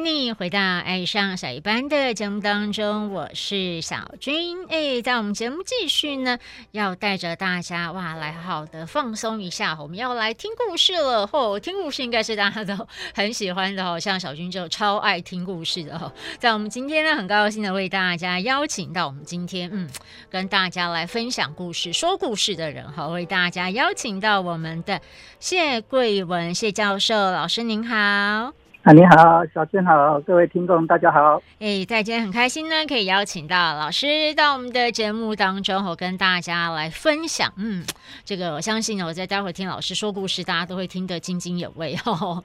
歡迎回到《愛上小一班》的節目當中，我是小君。哎、欸，在我們節目繼續呢，要帶着大家哇，來好的放鬆一下，我們要來聽故事了嚯、哦，聽故事應該是大家都很喜歡的哦，像小君就超愛聽故事的哦。在我們今天呢，很高興的為大家邀請到我們今天嗯，跟大家來分享故事、說故事的人哈，為大家邀請到我們的謝貴文謝教授老師您好。啊、你好，小俊。好，各位聽眾大家好，哎，在今天很開心呢，可以邀請到老師到我們的節目當中，我跟大家來分享，嗯，這個我相信呢，我在待會聽老師說故事，大家都會聽得津津有味哦。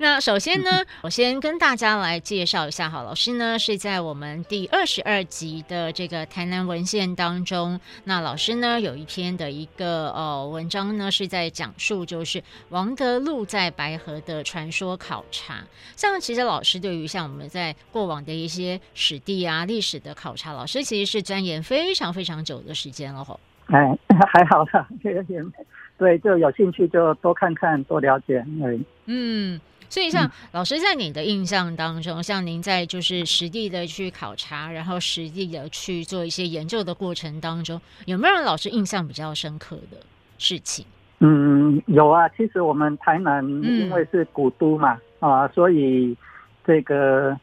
那首先呢，嗯、我先跟大家來介紹一下哈。老師呢是在我們第二十二輯的這個台南文獻當中，那老師呢有一篇的一個呃文章呢是在講述，就是王得祿在白河的傳說考察。像其實老師對於像我們在過往的一些史地啊歷史的考察，老師其實是鑽研非常非常久的時間了吼。哎，還好啦，這個也，也對，就有興趣就多看看多了解嗯。嗯所以，像老師在你的印象當中，嗯、像您在就是實地的去考察，然後實地的去做一些研究的過程當中，有沒有讓老師印象比較深刻的事情？嗯，有啊。其實我們台南因為是古都嘛，嗯、啊，所以這個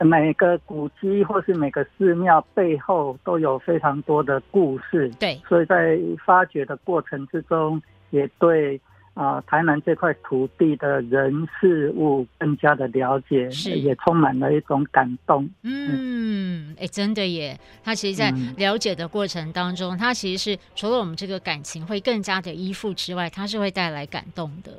每個古蹟或是每個寺廟背後都有非常多的故事。對，所以在發掘的過程之中，也對。啊，台南這塊土地的人事物更加的了解，是，也充滿了一種感動。嗯，哎、嗯欸，真的耶，他其實在了解的過程當中，嗯、他其實是除了我們這個感情會更加的依附之外，他是會帶來感動的。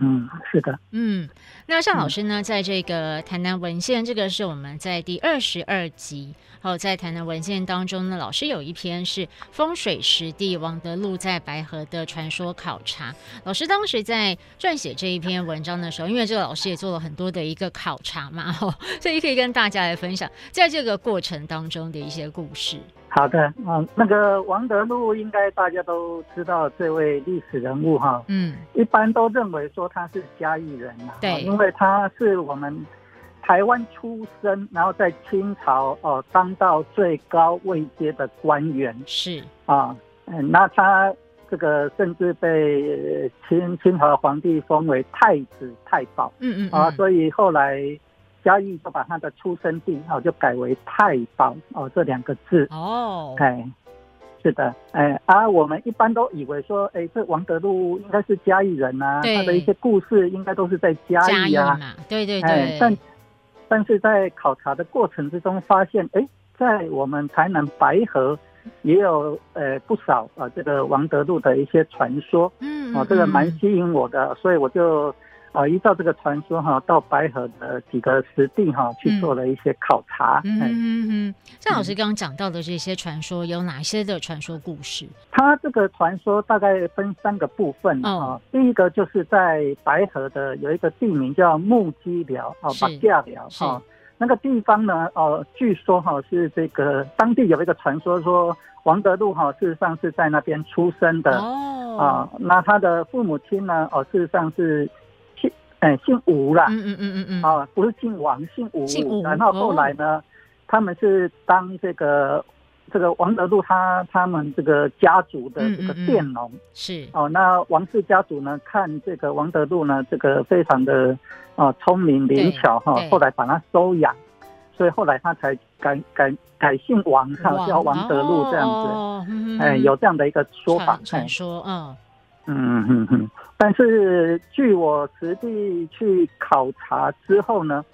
嗯，是的。嗯，那像老師呢，在這個臺南文獻，嗯、這個是我們在第二十二輯，後在臺南文獻當中呢，老師有一篇是《風水實地王得祿在白河的傳說考察》。老師當時在撰寫這一篇文章的時候，因為這個老師也做了很多的一個考察嘛，吼，所以可以跟大家來分享在這個過程當中的一些故事。好的，嗯，那個王得祿應該大家都知道這位歷史人物哈，嗯，一般都認為說他是嘉義人嘛，對，因為他是我們台灣出生，然後在清朝哦當到最高位階的官員，是啊，嗯，那他這個甚至被清清朝皇帝封為太子太保，嗯嗯啊、嗯，所以後來。嘉義就把他的出生地哦就改為太保哦這兩個字哦，oh. 哎，是的，哎啊，我們一般都以為說，哎，這王得祿應該是嘉義人吶，啊，對他的一些故事應該都是在嘉義呀。對對對，哎，但但是在考察的過程之中發現，哎，在我們台南白河也有呃，哎，不少啊這個王得祿的一些傳說，嗯，嗯，嗯，哦，這個蠻吸引我的，所以我就。啊，依照這個傳說哈，到白河的幾個實地哈去做了一些考察。嗯嗯嗯，謝、嗯嗯嗯、老師剛剛講到的這些傳說、嗯、有哪些的傳說故事？它這個傳說大概分三個部分啊、哦哦。第一個就是在白河的有一個地名叫木屐寮啊，板、哦、架是寮啊是、哦，那個地方呢，哦，據說哈是這個當地有一個傳說，說王得祿哈事實上是在那邊出生的哦啊、哦，那他的父母親呢，哦，事實上是。哎、欸，姓吳啦，嗯嗯嗯嗯、哦、不是姓王，姓吳。姓吳然後後來呢，哦、他們是當這個這個王得祿他他們這個家族的這個佃農。嗯嗯嗯是。哦，那王氏家族呢，看這個王得祿呢，這個非常的哦，聰明靈巧哈，對後來把他收養，對所以後來他才改改改姓王，叫王得祿這樣子。哎、哦嗯欸，有這樣的一個說法傳，傳說嗯，嗯嗯哼哼，但是據我實地去考察之後呢，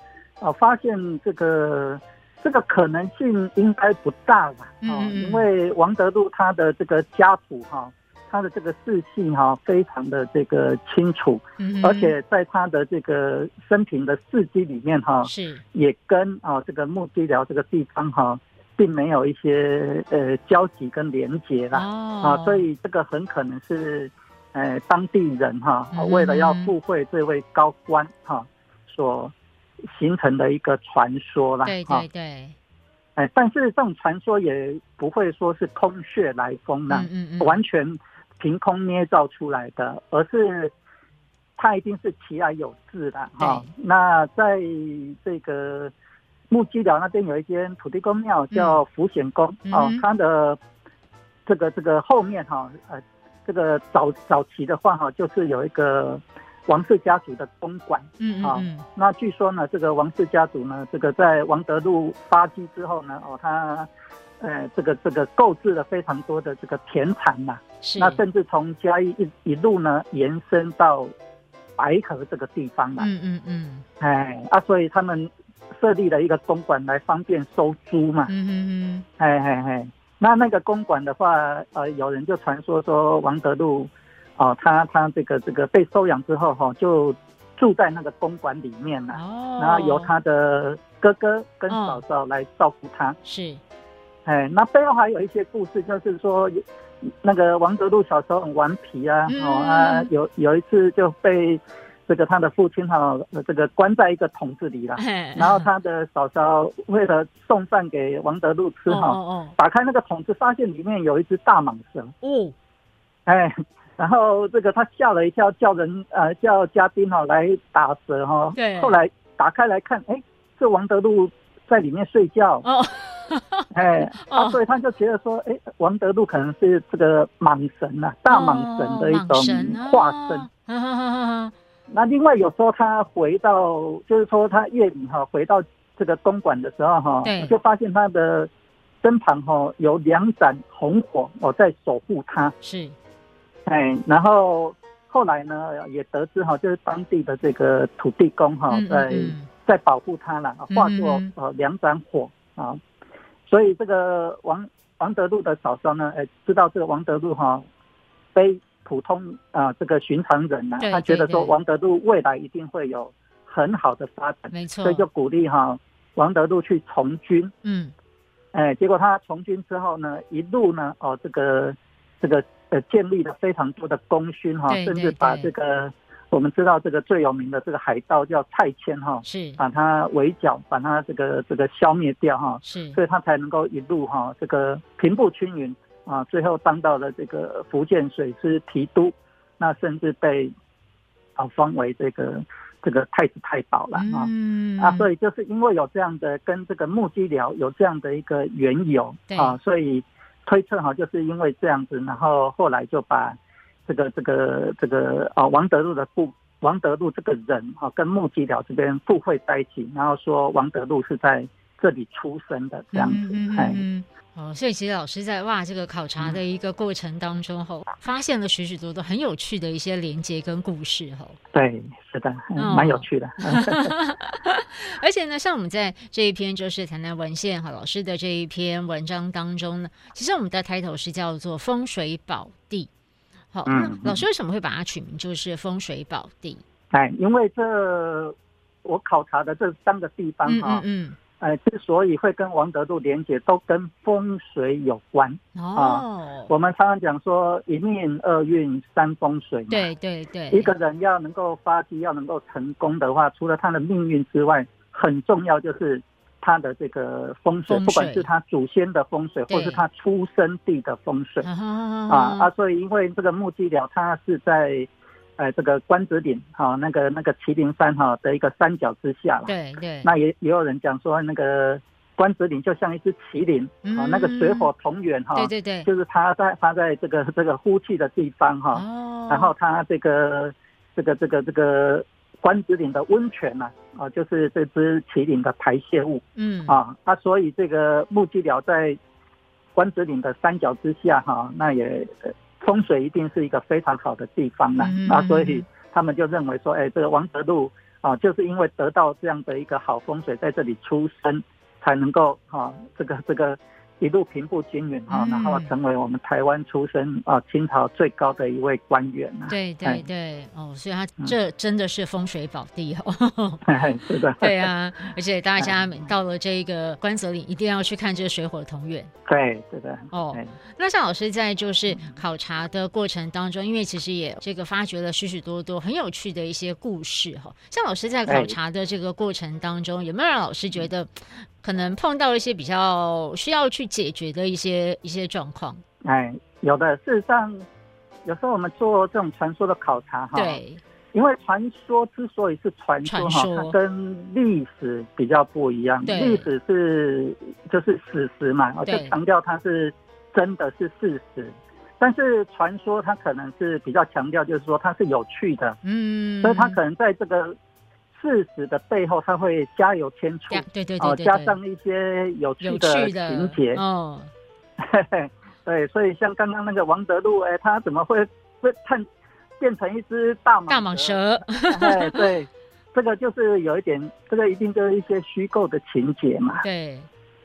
啊、呃，發現這個這個可能性應該不大了啊、嗯哦，因為王得祿他的這個家譜哈、啊，他的這個世系哈，非常的這個清楚，嗯嗯而且在他的這個生平的事跡裡面哈、啊，是也跟啊這個木屐寮這個地方哈、啊，並沒有一些呃交集跟連結啦、哦、啊，所以這個很可能是。哎、當地人哈、啊，為了要附會這位高官哈、啊，嗯嗯所形成的一個傳說啦，哈，對對對，哎，但是這種傳說也不會說是空穴來風呢，嗯嗯嗯完全憑空捏造出來的，而是它一定是其來有自的哈。那在這個木屐寮那邊有一間土地公廟，叫福顯宮哦，它的這個這個後面哈、啊，呃。這個早早期的話哈，就是有一個王氏家族的公館，嗯嗯嗯。哦，那據說呢，這個王氏家族呢，這個在王得祿發跡之後呢，哦，他呃，這個這個購置了非常多的這個田產嘛，是。那甚至從嘉義一一，一路呢延伸到白河這個地方嘛，嗯嗯嗯。哎啊，所以他們設立了一個公館來方便收租嘛，嗯嗯嗯。哎哎哎。哎哎那那個公館的話，呃，有人就傳說說王得祿，哦、呃，他他這個這個被收養之後哈、呃，就住在那個公館裡面了，啊哦、然後由他的哥哥跟嫂嫂來照顧他，嗯。是，哎、欸，那背後還有一些故事，就是說，那個王得祿小時候很頑皮啊，哦、呃、啊、嗯呃，有有一次就被。這個他的父親哈、啊，這個關在一個桶子裡了、啊。嘿然後他的嫂嫂為了送飯給王得祿吃哈、啊，哦哦、打開那個桶子，發現裡面有一隻大蟒蛇。嗯、哦，哎，然後這個他嚇了一跳、呃，叫人呃叫家丁哈來打蛇哈、啊。對，後來打開來看，哎，這王得祿在裡面睡覺。哦、哎，哦、啊，所以他就覺得說，哎，王得祿可能是這個蟒神啊，大蟒神的一種化身。哦 那另外有時候他回到，就是說他夜裡哈、啊、回到這個公館的時候哈、啊，就發現他的身旁哈、啊、有兩盞紅火哦、啊、在守護他。是，哎，然後後來呢也得知哈、啊，就是當地的這個土地公哈、啊、在在保護他了，化作呃兩盞火啊。所以這個王王得祿的嫂嫂呢、哎，知道這個王得祿哈、啊、被。普通啊、呃，這個尋常人吶、啊，對對對，他覺得說王得祿未來一定會有很好的發展，沒錯，所以就鼓勵哈、哦、王得祿去從軍，嗯，哎，結果他從軍之後呢，一路呢，哦，這個這個呃，建立了非常多的功勳哈，哦、對對對，甚至把這個對對對，我們知道這個最有名的這個海盜叫蔡牽哈，哦、是，把他圍剿，把他這個這個消滅掉哈，哦、是，所以他才能夠一路哈、哦、這個平步青雲。啊，最後當到了這個福建水師提督，那甚至被啊封為這個這個太子太保了啊、嗯、啊，所以就是因為有這樣的跟這個木屐寮有這樣的一個緣由對啊，所以推測哈，就是因為這樣子，然後後來就把這個這個這個啊王得祿的父王得祿這個人啊，跟木屐寮這邊附會在一起，然後說王得祿是在這裡出生的這樣子，嗯嗯。嗯嗯哦，所以其實老師在哇這個考察的一個過程當中後、嗯哦，發現了許許多多很有趣的一些連結，跟故事哈。哦、對，是的，蠻、哦、有趣的。 而且呢，像我們在這一篇就是台南文獻，哈老師的這一篇文章當中呢，其實我們的 title 是叫做風水寶地。好，哦嗯、那老師為什麼會把它取名就是風水寶地？哎，因為這我考察的這三個地方嗯，嗯之所以會跟王得祿連接，都跟風水有關、哦、啊。我們常常講說，一命二運三風水。對對對，一個人要能夠發跡，要能夠成功的話，除了他的命運之外，很重要就是他的這個風水，風水不管是他祖先的風水，對或是他出生地的風水、嗯、哼哼哼啊啊。所以，因為這個木雞寮，它是在。哎，這個關子嶺哈、哦，那個那個麒麟山哈、哦、的一個山腳之下了。對對，那也也有人講說，那個關子嶺就像一只麒麟，啊、嗯哦，那個水火同源哈。對對對，就是它在它在這個在、這個、這個呼氣的地方哈。哦哦、然後它這個這個這個這個關子嶺的溫泉呢，啊、哦，就是這隻麒麟的排泄物。嗯、哦。啊，那所以這個木屐寮在關子嶺的山腳之下哈、哦，那也。風水一定是一個非常好的地方呢，嗯嗯啊，所以他們就認為說，哎，這個王得祿啊，就是因為得到這樣的一個好風水，在這裡出生，才能夠啊，這個這個。一路平步青雲啊，然後成為我們台灣出身啊，清朝最高的一位官員啊。對對對，哦，所以他這真的是風水寶地哦。是的。對啊，而且大家到了這個關子嶺，一定要去看這個水火同源。對對的。哦，那像老師在就是考察的過程當中，因為其實也這個發掘了許許多多很有趣的一些故事哈。像老師在考察的這個過程當中，有沒有讓老師覺得？可能碰到一些比較需要去解決的一些一些狀況，哎，有的。事實上，有時候我們做這種傳說的考察，哈，對，因為傳說之所以是傳說，哈說，它跟歷史比較不一樣。歷對史是就是史實嘛，我對、哦、就強調它是真的是事實，對但是傳說它可能是比較強調，就是說它是有趣的，嗯，所以它可能在這個。事實的背後，他會加油添醋，哦，加上一些有趣的情節哦， 對，所以像剛剛那個王得祿，哎、欸，他怎麼會變變成一隻大蟒大蟒蛇？對蟒 對，這個就是有一點，這個一定就是一些虛構的情節嘛。對，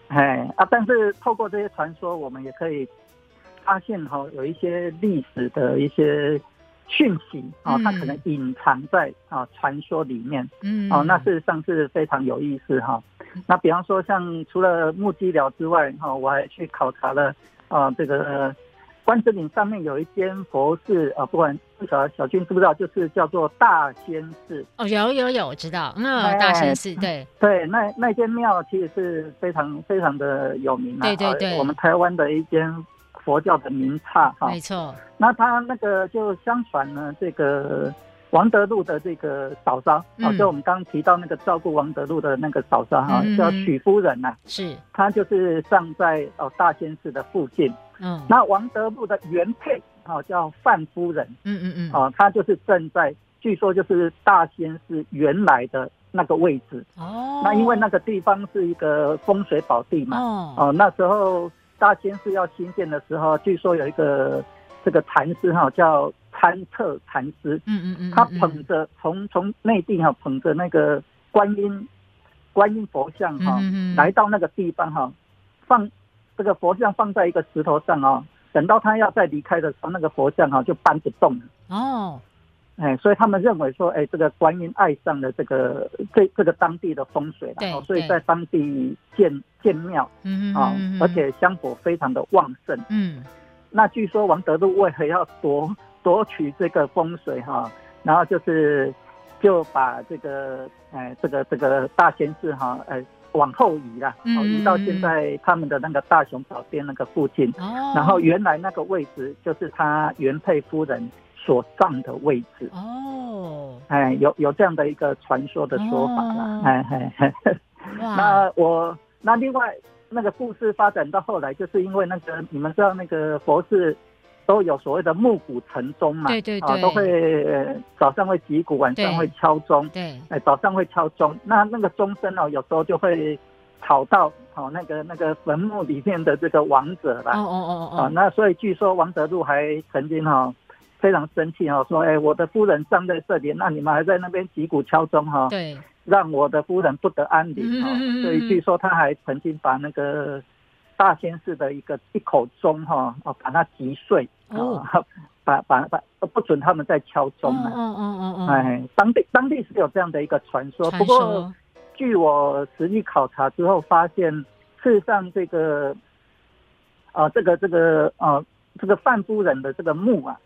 哎 啊，但是透過這些傳說，我們也可以發現，哈、哦，有一些歷史的一些。訊息啊，它可能隱藏在啊傳說裡面，嗯，哦，那事實上是非常有意思哈。嗯、那比方說，像除了目擊了之外，哈，我還去考察了啊、呃，這個關子嶺上面有一間佛寺啊，不管小小君知不知道，就是叫做大仙寺哦，有有有，我知道，那大仙寺，欸，對對，那那間廟其實是非常非常的有名，啊，對對對，我們台灣的一間。佛教的名剎哈，沒錯、哦。那他那個就相傳呢，這個王得祿的這個嫂嫂，好、嗯哦、就我們剛，剛提到那個照顧王得祿的那個嫂嫂哈，嗯、叫許夫人吶、啊。是，她就是葬在哦大仙寺的附近。嗯，那王得祿的原配哦，叫范夫人。嗯嗯嗯，哦，她就是葬在，據說就是大仙寺原來的那個位置。哦，那因為那個地方是一個風水寶地嘛。哦，哦，那時候。大仙寺要新建的時候，據說有一個這個禪師哈，叫參徹禪師，嗯嗯嗯，他捧着從從內地哈捧着那個觀音觀音佛像哈，來到那個地方哈，放這個佛像放在一個石頭上啊，等到他要再離開的時候，那個佛像哈就搬不動了哦。哎，所以他們認為說，哎，這個觀音愛上了這個這個、這個當地的風水啦，對，所以在當地建建廟，嗯嗯對，啊，嗯哼嗯哼，而且香火非常的旺盛，嗯。那據說王得祿為何要奪奪取這個風水哈、啊，然後就是就把這個哎這個這個大仙寺哈，哎往後移了，哦、嗯嗯，移到現在他們的那個大雄寶殿那個附近，哦、然後原來那個位置，就是他原配夫人。所葬的位置哦，哎，有有這樣的一個傳說的說法啦，哎哎、哦、哎，哎呵呵哇那我那另外那個故事發展到後來，就是因為那個你們知道那個佛寺都有所謂的暮鼓晨鐘嘛，對，對，對、啊、都會早上會擊鼓，晚上會敲鐘，對，哎，早上會敲鐘，那那個鐘聲呢，有時候就會吵到哦、啊、那個那個墳墓裡面的這個王者啦，哦哦哦哦，啊，那所以據說王得祿還曾經哈、啊。非常生氣哈，說哎，我的夫人葬在這裡，那你們還在那邊擊鼓敲鐘哈，對，讓我的夫人不得安寧啊。嗯哼嗯哼嗯，所以據說他還曾經把那個大仙寺的一個一口鐘哈，哦，把它擊碎啊，把把不不准他們再敲鐘了嗯嗯嗯，嗯哎，當地當地是有這樣的一個傳說，傳說不過據我實地考察之後發現，事實上這個啊、呃，這個這個啊、呃，這個范夫人的這個墓啊。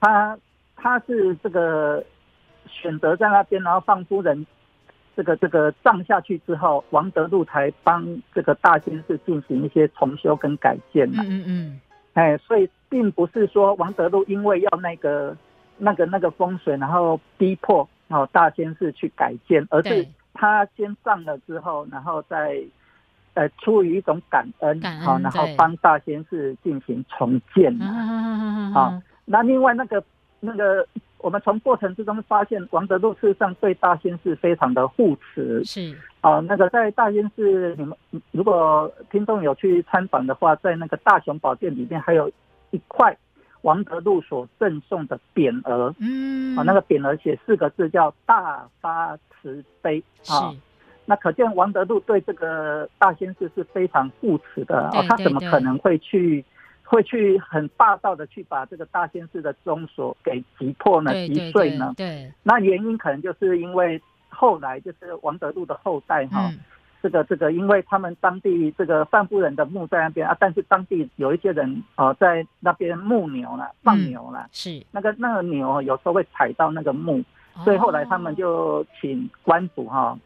他他是這個選擇在那邊，然後放夫人這個這個葬下去之後，王得祿才幫這個大仙寺進行一些重修跟改建。嗯嗯哎、嗯欸，所以並不是說王得祿因為要那個那個那個風水，然後逼迫哦大仙寺去改建，而是他先葬了之後，然後再呃出於一種感恩，感恩啊，然後幫大仙寺進行重建的。那另外那個那個，我們從過程之中發現，王得祿事實上對大仙寺非常的護持。是啊、呃，那個在大仙寺，你們如果聽眾有去參訪的話，在那個大雄寶殿裡面還有一塊王得祿所贈送的匾額，嗯，啊、呃，那個匾額寫四個字叫“大發慈悲”呃。啊是、呃。那可見王得祿對這個大仙寺是，是非常護持的。哦、呃，對對對他怎麼可能會去？會去很霸道的去把這個大仙寺的鐘鎖給擊破呢，對對對擊碎呢？對，對，對，那原因可能就是因為後來就是王得祿的後代哈、哦嗯這個，這個這個，因為他們當地這個范夫人的墓在那邊啊，但是當地有一些人啊、哦，在那邊牧牛了，放牛了、嗯，是那個那個牛有時候會踩到那個墓，所以後來他們就請官府哈、哦哦、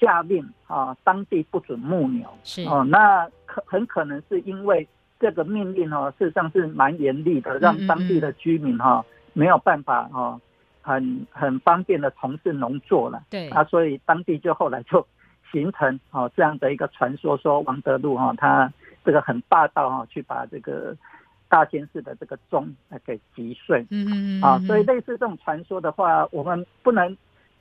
下令啊，當地不准牧牛，是哦，那可很可能是因為。這個命令哦，事實上是蠻嚴厲的，讓當地的居民哈、哦嗯嗯、沒有辦法哈、哦，很很方便的從事農作了。對啊，所以當地就後來就形成哦這樣的一個傳說，說王得祿哈、哦、他這個很霸道哈、哦，去把這個大仙寺的這個鐘啊給擊碎。嗯，嗯嗯。啊，所以類似這種傳說的話，我們不能。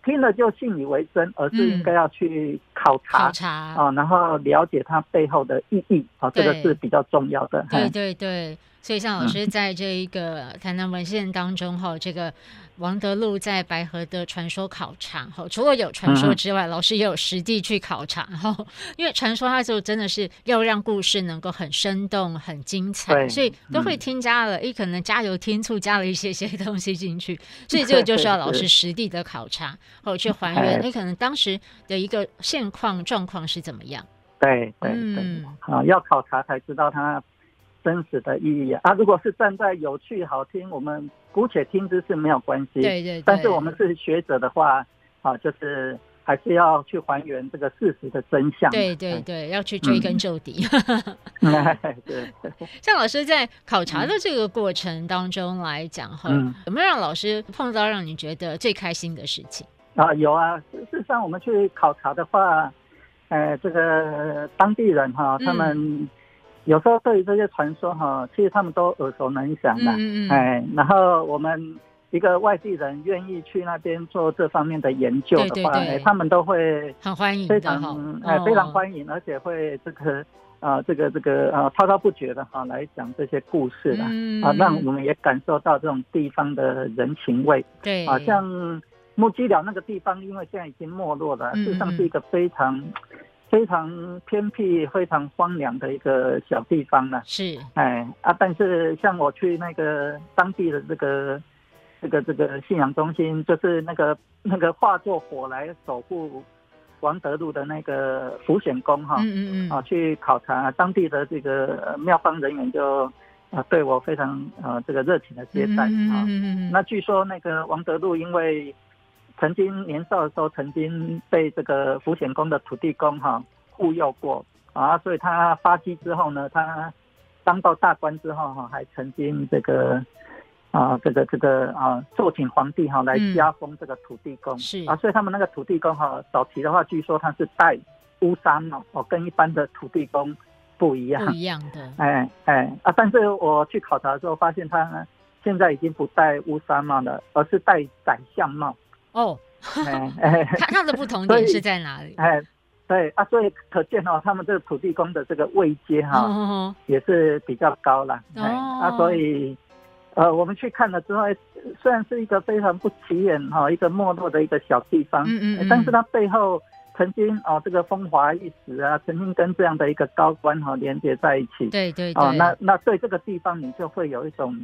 聽了就信以為真，而是應該要去考察、嗯、考察啊、哦，然後了解它背後的意義啊對、哦，這個是比較重要的。對對對。所以像老師在這一個臺南文獻當中哈，嗯、這個王得祿在白河的傳說考察哈，除了有傳說之外，嗯、老師也有實地去考察哈。因為傳說它就真的是要讓故事能夠很生動、很精彩，對所以都會添加了，一、嗯、可能加油添醋，加了一些些東西進去。所以這個就是要老師實地的考察，或去還原你，哎、可能當時的一個現況狀況是怎麼樣。對對對，啊、嗯，要考察才知道它。真實的意義啊，啊！如果是站在有趣、好聽，我們姑且聽之是沒有關係。對，對對。但是我們是學者的話，啊，就是還是要去還原這個事實的真相。對對對，對要去追根究底。對。像老師在考察的這個過程當中來講哈，嗯、有沒有讓老師碰到讓你覺得最開心的事情啊？有啊，事實上我們去考察的話，呃，這個當地人哈，他們、嗯。有時候對於這些傳說哈，其實他們都耳熟能詳的，嗯嗯、哎，然後我們一個外地人願意去那邊做這方面的研究的話，哎，他們都會很歡迎，哦，非常哎非常歡迎，哦、哦，而且會這個啊這個這個啊滔滔不絕的哈來講這些故事的，嗯嗯啊，讓我們也感受到這種地方的人情味。對，好、啊、像木屐寮那個地方，因為現在已經沒落了，事實、嗯嗯、上是一個非常。非常偏僻，非常荒涼的一個小地方呢，是，哎啊，但是像我去那個當地的這個、這個、這個信仰中心，就是那個那個化作火來守護王得祿的那個福顯宮哈，啊，嗯嗯嗯啊，去考察，啊、當地的這個廟方人員就啊對我非常呃、啊、這個熱情的接待嗯嗯嗯嗯啊，那據說那個王得祿因為。曾經年少的時候，曾經被這個福顯宮的土地公哈、啊、護佑過啊，所以他發跡之後呢，他當到大官之後哈、啊，還曾經這個啊，這個這個啊，奏請皇帝哈、啊、來加封這個土地公、嗯、是啊，所以他們那個土地公哈、啊，早期的話據說他是戴烏紗帽哦，跟一般的土地公不一樣不一樣的哎哎啊，但是我去考察的時候發現他呢現在已經不戴烏紗帽了，而是戴宰相帽。哦，哎，看它的不同點是在哪裡？哎、欸欸，對啊，所以可見哦，他們這個土地公的這個位階哈、哦，oh. 也是比較高了。哦、欸啊，所以呃，我們去看了之後，雖然是一個非常不起眼哈、哦，一個沒落的一個小地方，嗯,嗯嗯，但是它背後曾經啊、哦、這個風華一時啊，曾經跟這樣的一個高官哈、哦、連接在一起，對,對對，啊、哦，那那對這個地方你就會有一種。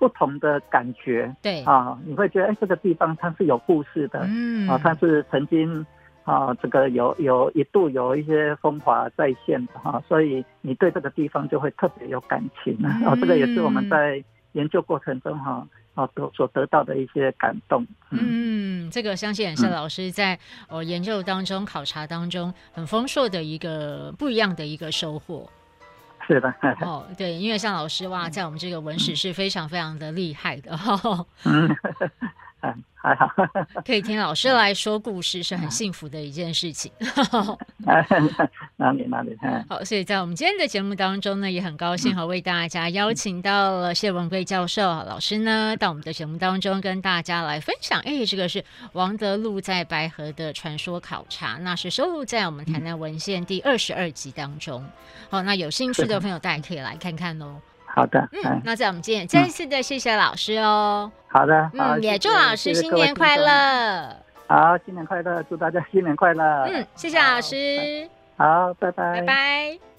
不同的感覺，對啊，你會覺得哎、欸，這個地方它是有故事的，嗯啊，它是曾經啊，這個有有一度有一些風華再現的哈、啊，所以你對這個地方就會特別有感情、嗯、啊，這個也是我們在研究過程中哈，啊所、啊、所得到的一些感動。嗯，嗯這個相信也是老師在呃、嗯、研究當中考察當中很豐碩的一個不一樣的一個收穫。對的，哦，對，因為像老師哇，啊，嗯，在我們這個文史是非常非常的厲害的，哦，哈，嗯。嗯呵呵。還好， 可以聽老師來說故事，是很幸福的一件事情。哪裡哪裡。好，所以在我們今天的節目當中呢，也很高興和為大家邀請到了謝貴文教授、嗯、老師呢，到我們的節目當中跟大家來分享。哎、欸，這個是王得祿在白河的傳說考察，那是收錄在我們《臺南文獻》第二十二輯當中。好，那有興趣的朋友的大家可以來看看哦。好的，嗯，唉，那在我們見，嗯、再次的謝謝老師哦。好的，好，嗯，也祝老師謝謝新年快樂。好，新年快樂，祝大家新年快樂。嗯，謝謝老師。好，好，拜拜，拜拜。拜拜。